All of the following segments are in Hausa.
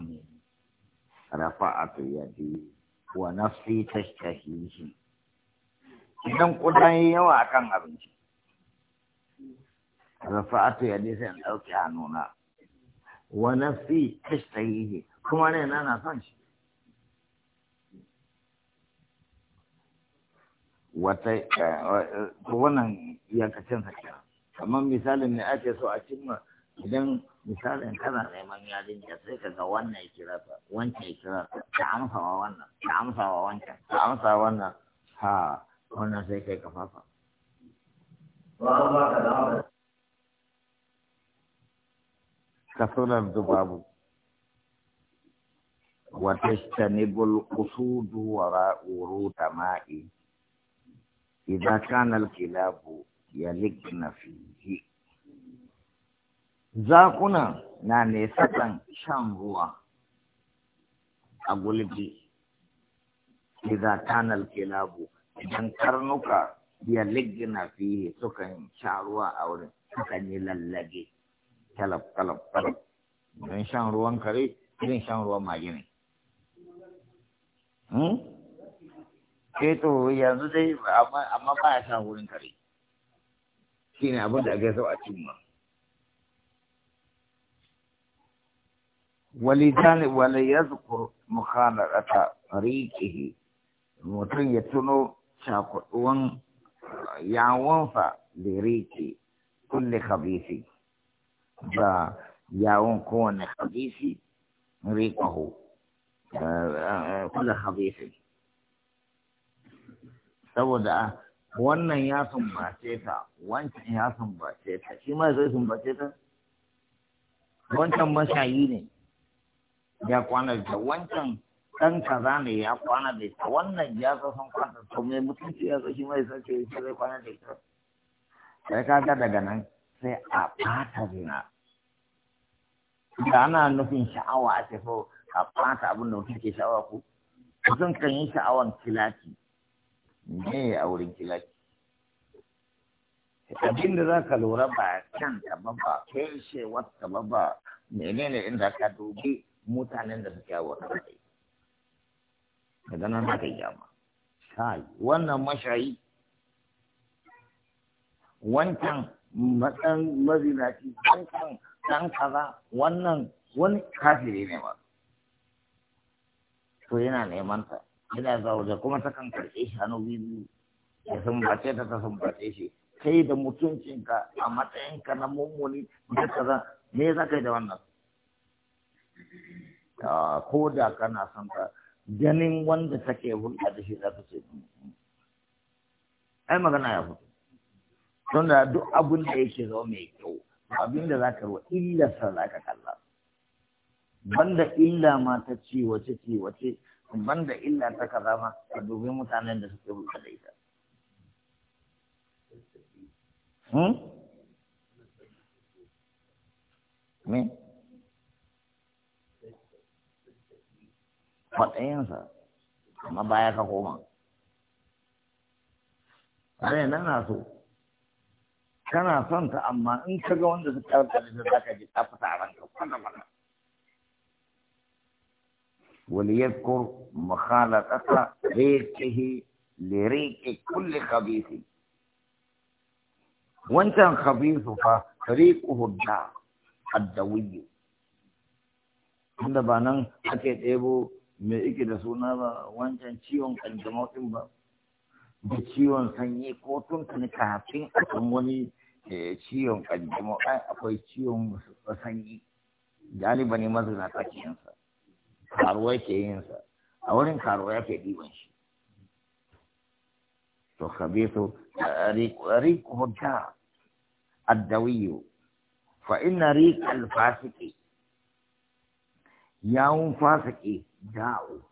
العميل رفعت يدي ونفسي تشتهيه idan kudan yi yawa kan abinci rafa'atu ya dai sai in ɗauki hannuna wa nafsi tashtahihi kuma ne na na son shi wata wannan iyakacin hakira kamar misalin ne ake so a cimma idan misalin kana neman yarinya sai ka ga wannan kira ta wancan kira ta ta amsa wa wannan ta amsa wa wancan ta amsa wannan ha wannan sai kai kafafa ka sunan dubabu wa tajtanibul qusudu wa uruta ma'i idza kana al-kilabu yalikna fihi zakuna na sakan shan ruwa a gulbi idan kanal kilabu idan karnuka ya liggina fiye sukan sha ruwa a wurin sukan yi lallage talab talab talab don shan ruwan kare irin shan ruwan mage ne hmm? eh to yanzu dai amma ba ya shan wurin kare shi ne abin da ake so a cimma ولذلك وليذكر مخالطة ريكه mutum ya tuno cakuduwan yawonsa da riki kulle kabisi da yawon kowane kabisi rikahu kulle kabisi saboda wannan ya sumbace ta wancan ya sumbace ta shi ma zai sumbace ta wancan mashayi ne ya kwana da wancan dan kaza ne ya kwana da ita wannan ya zo san kwana to mai mutunci ya zo shi mai sace shi zai kwana da ita sai ga daga nan sai a fata zina da ana nufin sha'awa a tafi a fata abin da mutum ke sha'awa ku mutum kan yi sha'awan kilaki ne a wurin kilaki abin da za ka lura ba kyan ba ba kai shewar ba ba menene inda ka dubi mutanen da suke yawo kan sai daga nan za ka yi wannan mashayi wancan matsan mazinaci wancan dan kaza wannan wani kafiri ne ba to yana neman ta yana wajen kuma ta kan karɓe shi hannu biyu ya sumbace ta ta sumbace shi kai da mutuncinka a matsayinka na mummuni da kaza me za ka yi da wannan ko da kana son ka ganin wanda take hulɗa da shi za ta ce ai magana ya fito don da duk abin da yake zo mai kyau abin da za ka ruwa illa za ka kalla banda illa ma ta ci wace ci wace banda illa ta kaza ma ka dubi mutanen da suke hulɗa da ita hmm? Me? matsayinsa amma baya ka koma nan na so kana son ta amma in ka ga wanda suka karɓa da za ka ji ta fita a ranka kwana mana وليذكر مخالطة ريقه Wancan كل خبيث وانت خبيث فريقه الداء الدوي عند بانان أكيد إبو me yake da suna ba wancan ciwon kanjamau din ba da ciwon sanyi ko tuntuni kafin a akan wani eh, ciwon kanjamau ai akwai ciwon sanyi galiba ne maza na yin sa karuwa ke yin sa a wurin karuwa ya ke ɗiban shi to khabithu eh, riqhu da addawiyu fa inna riqal fasiqi yawun fasiki دعوه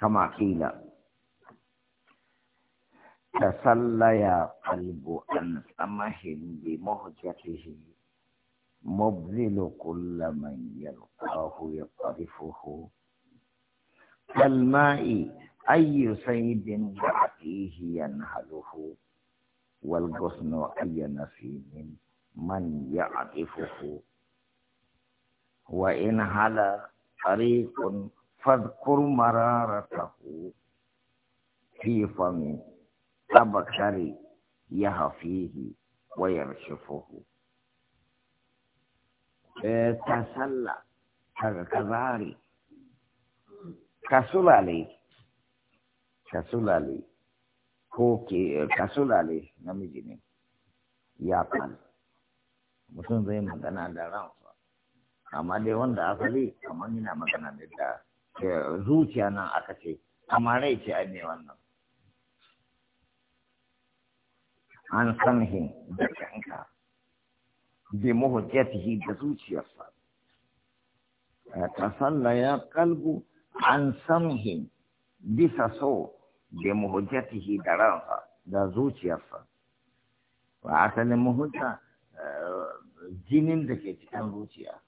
كما قيل تسلى يا قلب أن سمح بمهجته مبذل كل من يلقاه يقرفه كالماء أي سيد يعطيه ينهله والغصن أي نسيم من يعطفه وإن هلا harikun fadkur mararatahu fi fami abakari ya hafihi wa yarshifuhu e, tasalla kaga kazari kasulali kasulali ko e, kasulali kasulale namiji ne mutum zai magana da ran amma dai wanda asali kamar yana magana ne da zuciya nan aka ce amma rai ce an ne wannan an san hin da kanka bi muhujjatihi da zuciyarsa tasalla ya kalbu an samhin bisa so bi muhujjatihi da ransa da zuciyarsa wa asalin muhujja eh, jinin da ke cikin zuciya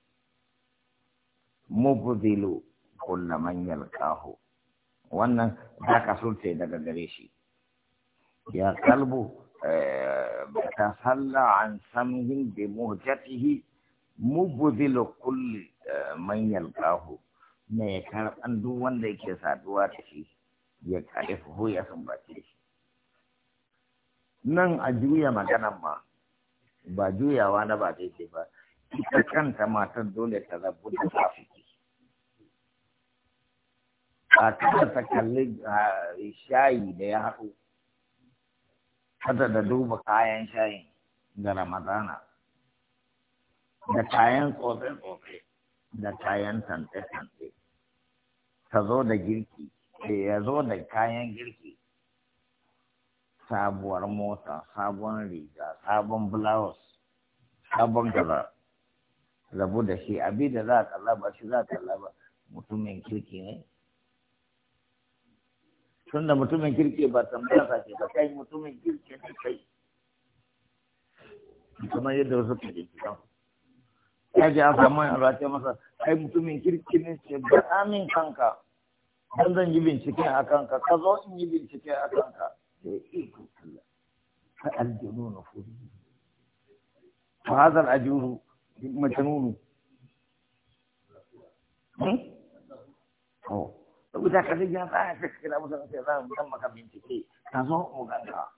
mubdilu kulla man yalqahu wannan ka sulce daga gare shi ya kalbu eh, ta salla an samhin bi muhjatihi mubdilu kulli eh, man yalqahu ne karban duk wanda yake saduwa da shi ya karifu ya sumbace shi nan a juya maganan ma ba juyawa na ba daidai ba ita kanta matar dole ta rabu da safiki a kada ta kalli shayi da ya haɗu kada da duba kayan shayin da ramadana da kayan tsotse-tsotse da kayan tante-tante ta zo da girki eh, ya zo da kayan girki sabuwar mota sabon riga sabon blouse sabon kaza labu da shi abi da za a kalla ba shi za a kalla ba mutumin kirki ne tunda mutumin kirki ba tambaya ba ce ba kai mutumin kirki ne kai kamar yadda wasu ka da kan ya ji an samu yana a ce masa kai mutumin kirki ne ce ba amin kanka don zan yi bincike a kanka ka zo in yi bincike a kanka da iko Allah ka aljanu na furi fa hazal ajuru majnunu hmm? Oh. saboda ka ya za a kai kira musu sai za mu maka bincike ka zo mu ganka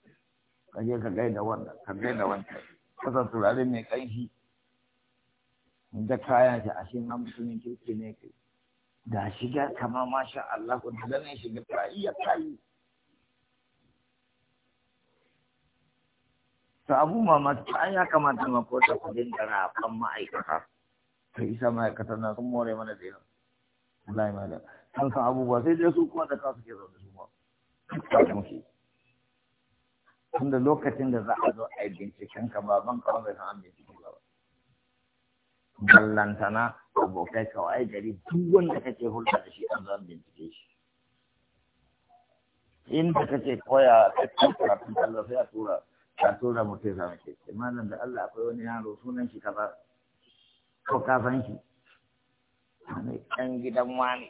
ka je ka gaida wannan ka gaida wancan kasan turare mai ƙanshi da kayan shi a shin mutumin kirki ne kai da shiga kama masha Allah ku da ganin shiga ta iya kai ta abu mamaki an ya kamata ma ko ta kudin na kan ma'aikata ta isa ma'aikata na sun more mana da yau Allah ya an san abubuwa sai dai su kuma da kasu ke zaune su ba da muke tunda lokacin da za a zo a yi binciken ka ba ban kawo bai san an bincike ba ballantana abokai kawai gari duk wanda kake hulɗa da shi an zo an bincike shi inda kake koya kake karatun Allah sai a tura ka tura mutum ya sami ce malam da Allah akwai wani yaro sunan shi kaza ko ka san shi ɗan gidan wani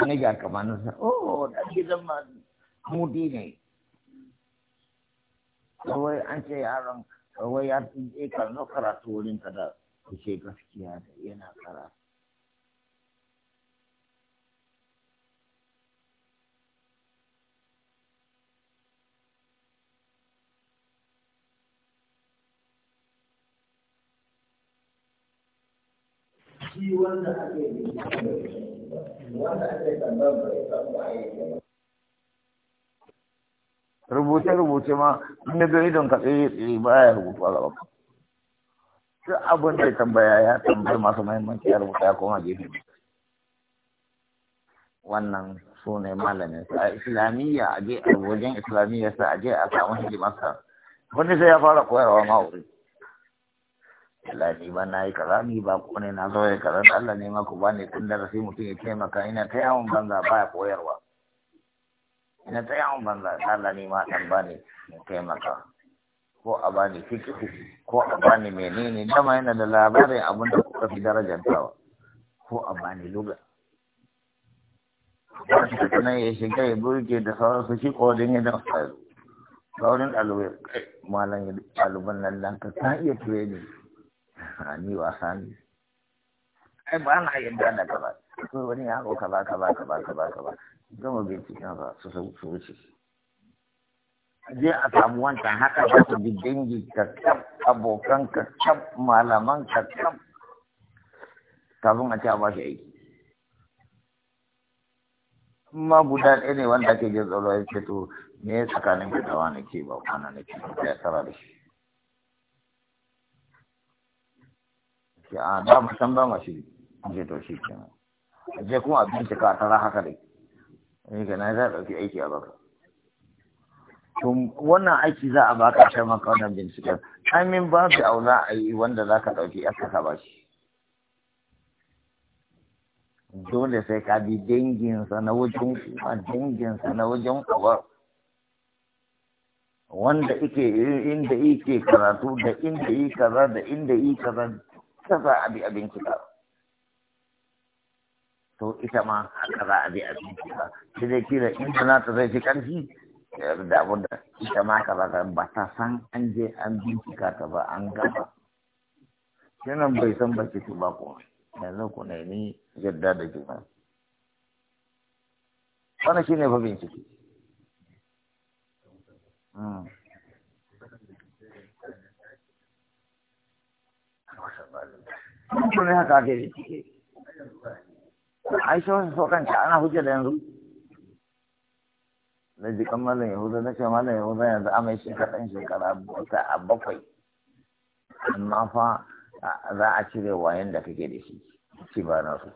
wani ga kamaninsa oh da gidan ma mudi ne kawai an ce yaron kawai ya tsinje karno karatu wurin ka da kuce gaskiya da yana karatu shi wanda ake yi rubuce-rubuce ma inda ya gari don katse tsaye ba ya rubutu a gaba shi abin da ya tambaya ya tambayi masu mahimmanci ya rubuta ya koma gefe wannan su ne malamin a islamiyya a je a wajen islamiyya sa a je a samu hidimarsa wani sai ya fara koyarwa ma'auri Allah ni ba na yi kaza ni ba ko ne na zo ya kaza Allah ne ma ku ba ne kun darasi mutum ya taimaka ina ta yawon banza ba ya koyarwa ina ta yawon banza Allah ne ma dan ba ne taimaka ko a ba bani fikihu ko a ba bani menene dama yana da labarin abin da kuka fi darajantawa ko a ba bani luga wanda ta ya shiga ya burge da sauran su shi kodin ya dan sauran ɗalibai malam ɗaliban nan ka ta iya tuwe training ni wasa ne ai ba na yadda da kaza ko wani ka ba ka ba kaza kaza gama binciken ba su su wuce je a samu wancan haka za ku bi dangi ka kam abokan ka kam malaman ka kam kafin a ce a ba shi aiki ma guda ɗaya ne wanda ke jin zo ya ce to me tsakanin ka da wani ke ba kwana na ke ya tsara da shi ce a ah, da mu san ba ma shi je to shi kenan je kuma a bincika ka tara haka dai ni ga na za dauki aiki a baka to wannan aiki za a baka shi maka wannan binciken amin ba bi auna za a yi wanda za ka dauki kasa ba shi, dole sai ka bi danginsa na wajen kuma danginsa na wajen uwa wanda ike inda ike karatu da inda ike kaza da inda ike kaza ta za a bi abinci ba to ita ma haka za a bi abinci ba sai dai kila in na ta zai fi karfi da abun da ita ma ka ba ba ta san an je an bincika ta ba an gaba yanan bai san ba ki ba ko yanzu ku ne ni yadda da juna wannan shine fa bincike hmm. ne haka ake da ana yanzu na ji kan mallan yahuda na yanzu amai shekara ɗan shekara a amma fa za a cire wayan da kake da shi shi ba na su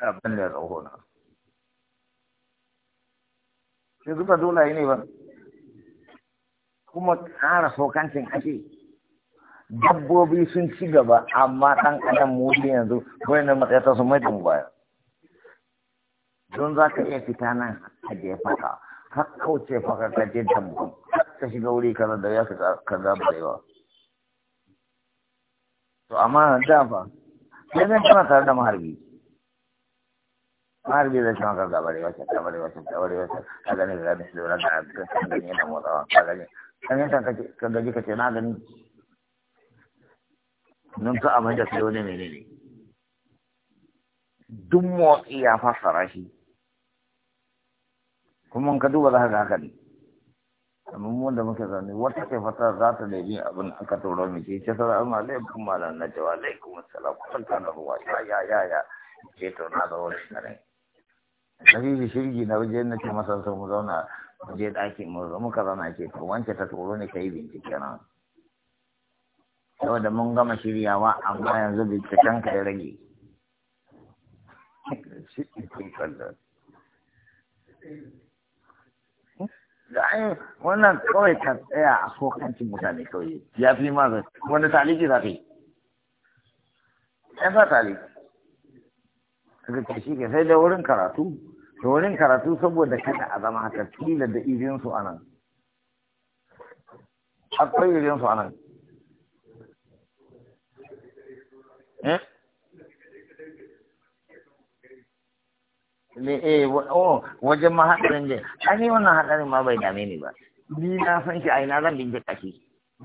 abin da na ne ba kuma ƙara sokancin ake dabbobi sun ci gaba amma ɗan adam mutu yanzu wani matsayata sun mai mu baya don za ka iya fita nan a je faka har kauce faka ka je dambon ka shiga wuri kaza da ya fi kaza da yawa to amma na fa sai zan tana tare da maharbi maharbi zai tana kaza bare wacce ta bare wacce ta bare wacce ka gani ka gani da wani da ka gani yana motsawa ka gani kan yanta ka gaji ka ce na gani nan ka amai da kai wani mene ne duk motsi ya fassara shi kuma ka duba za ka haka ne amma mu da muke zaune wata ke fata za ta da abin aka turo mu ce ce salamu Kuma malam na jawa alaikum assalam kun ta na ruwa ya ya ya ya ce to na zo wani kare shi shirgi na waje na ce masa mu zauna mu je ɗakin mu muka zauna ce to wance ta turo ne yi bincike na saboda mun gama shiryawa amma yanzu binciken ka ya rage wannan kawai ka tsaya a sokancin mutane kawai ya fi ma Wani taliki za ka yi ya sa taliki daga ce shi ke sai da wurin karatu da wurin karatu saboda kada a zama haka kila da irinsu a nan akwai irinsu a nan Eh? Eh, oh, wajen mahaɗarin da ainihin wannan haɗarin ma bai dame ni ba ni na san shi ai, na zan bincika shi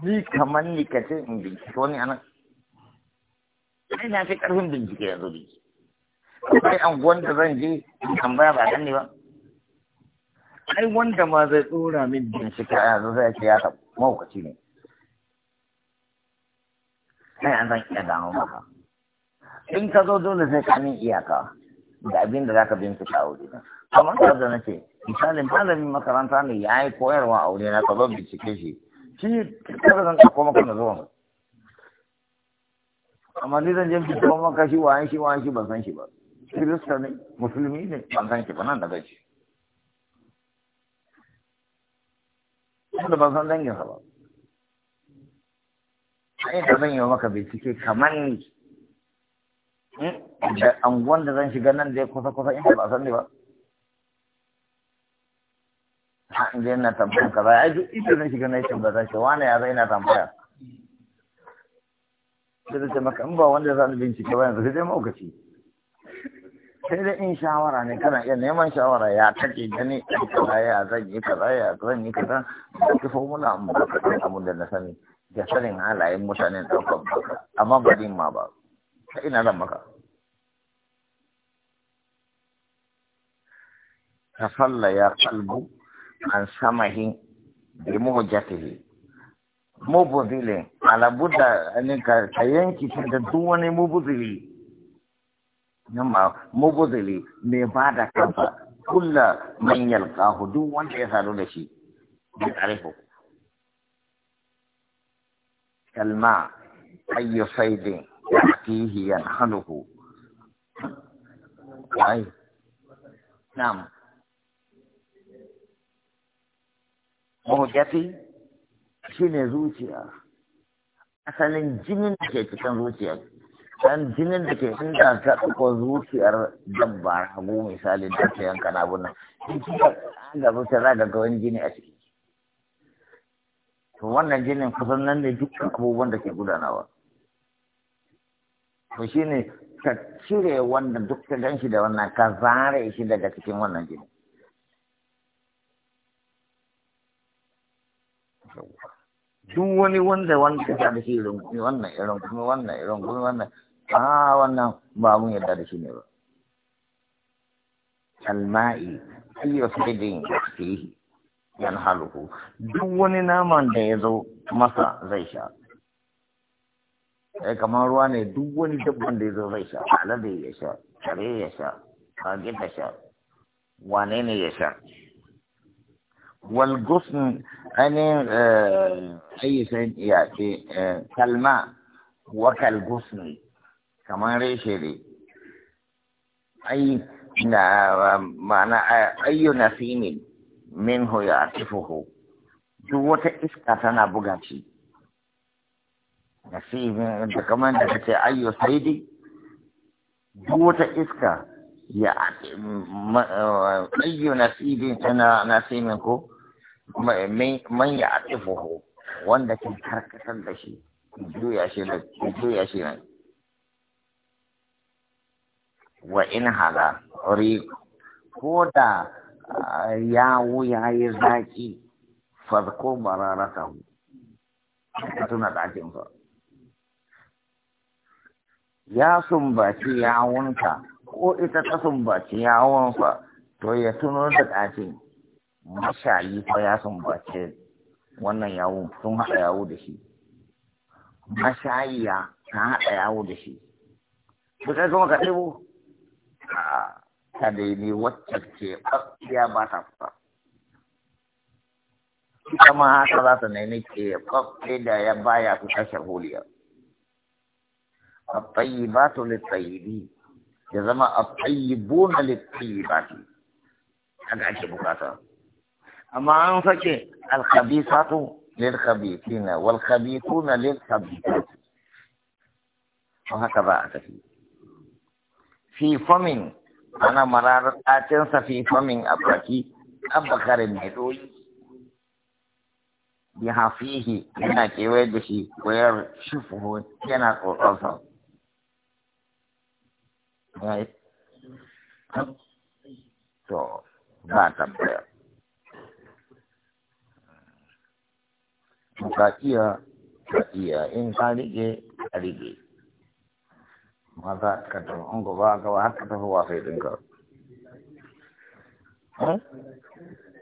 ni kamar ni ka ce in bincika wani anan ai na fi ƙarfin bincike yanzu bincike akwai anguwan da zan je in tambaya ba dan ne ba ai wanda ma zai tsora min bincika yanzu zai ce ya tabu mawukaci ne sai an zan iya gano maka in ka zo dole sai ka min iyaka da abin da zaka bincika a wuri kamar ka da nace misalin malamin makaranta ne ya yi koyarwa a wuri na ka zo bincike shi shi ka zan ɗauko maka na zuwa amma ni zan je binciko maka shi wa shi wa shi ban san shi ba kirista ne musulmi ne ban san shi ba nan da gaci wanda ban san danginsa ba a yi da zan yi maka bincike kamar ni Eh? da anguwan da zan shiga nan da ya kusa kusa in ba san ne ba ha in na tambayan kaza ai duk inda zan shiga nan ba zan shi wani ya zai na tambaya sai ce maka in ba wanda zan bincike ba yanzu sai dai maukaci sai dai in shawara ne kana iya neman shawara ya take gani in kaza ya zan yi kaza ya zan yi kaza da ki formula amma abun da na sani da sanin halayen mutanen ɗaukar amma ba din ma ba ta ina nan maka ya kalbu an samahin bi muhjatihi mubudilin alabuda ne ka yanki da duk wani mubudili nama mubudili me ba da kansa kulla man yalqahu duk wanda ya sadu da shi bi arifu kalma ayyu saidin يأتيه ينحله أي نعم موجتي شنو زوجي asalin jinin da ke cikin zuciyar dan jinin da ke inda ta ɗauko zuciyar dabba hagu misali da ta yanka na abun nan in kika ga zuciyar za ga wani jini a ciki to wannan jinin kusan nan ne dukkan abubuwan da ke gudanawa to ne ka cire wanda duk ka gan shi da wannan ka zare shi daga cikin wannan jini duk wani wanda wanda ta da shi irin kuma wannan irin kuma wannan irin kuma wannan a wannan ba mun yadda da shi ne ba kalma'i ayyo sidin fihi yanhaluhu duk wani naman da ya zo masa zai sha eh kamar ruwa ne duk wani dabban da ya zo zai sha alade ya sha kare ya sha kage ta sha wane ne ya sha wal gusn eh, ainihin ayyisan iya eh, kalma wa kal gusn kamar reshe ne ai na ma'ana ayyu nasimin hu ya tifuhu duk wata iska tana buga shi nasibin da kamar da kace ayyo saidi duk wata iska ya ayyo nasibin tana nasibin ko man ya atifuhu wanda ke karkatar da shi juya shi da juya shi nan wa in hala ri ko da yawo ya yi zaki farko bararata ka tuna ya sumbaci yawunka ko ita ta sumbaci yawunka to ya tuno da ƙafi mashayi fa ya sumbace wannan yawun sun haɗa yawo da shi mashayiya ta haɗa yawo da shi ba kai kuma ka ɗebo ta daidai wacce ke ɓaɓɓiya ba ta fita ita ma haka za ta nemi ke ɓaɓɓe da ya baya fita shahuliyar الطيبات للطيبين جزما الطيبون للطيبات هذا عجب بكاته أما أنفك الخبيثات للخبيثين والخبيثون للخبيثات وهكذا أتفي في فم أنا مرار أتنس في فم أبكي أبكر النهدوي بها فيه هنا كيويدشي ويرشفه هنا قرصه Right? to ba prayer. ka iya ka iya in kalige, kalige. Maka kata, maza baka wa in ba ka ba Huh?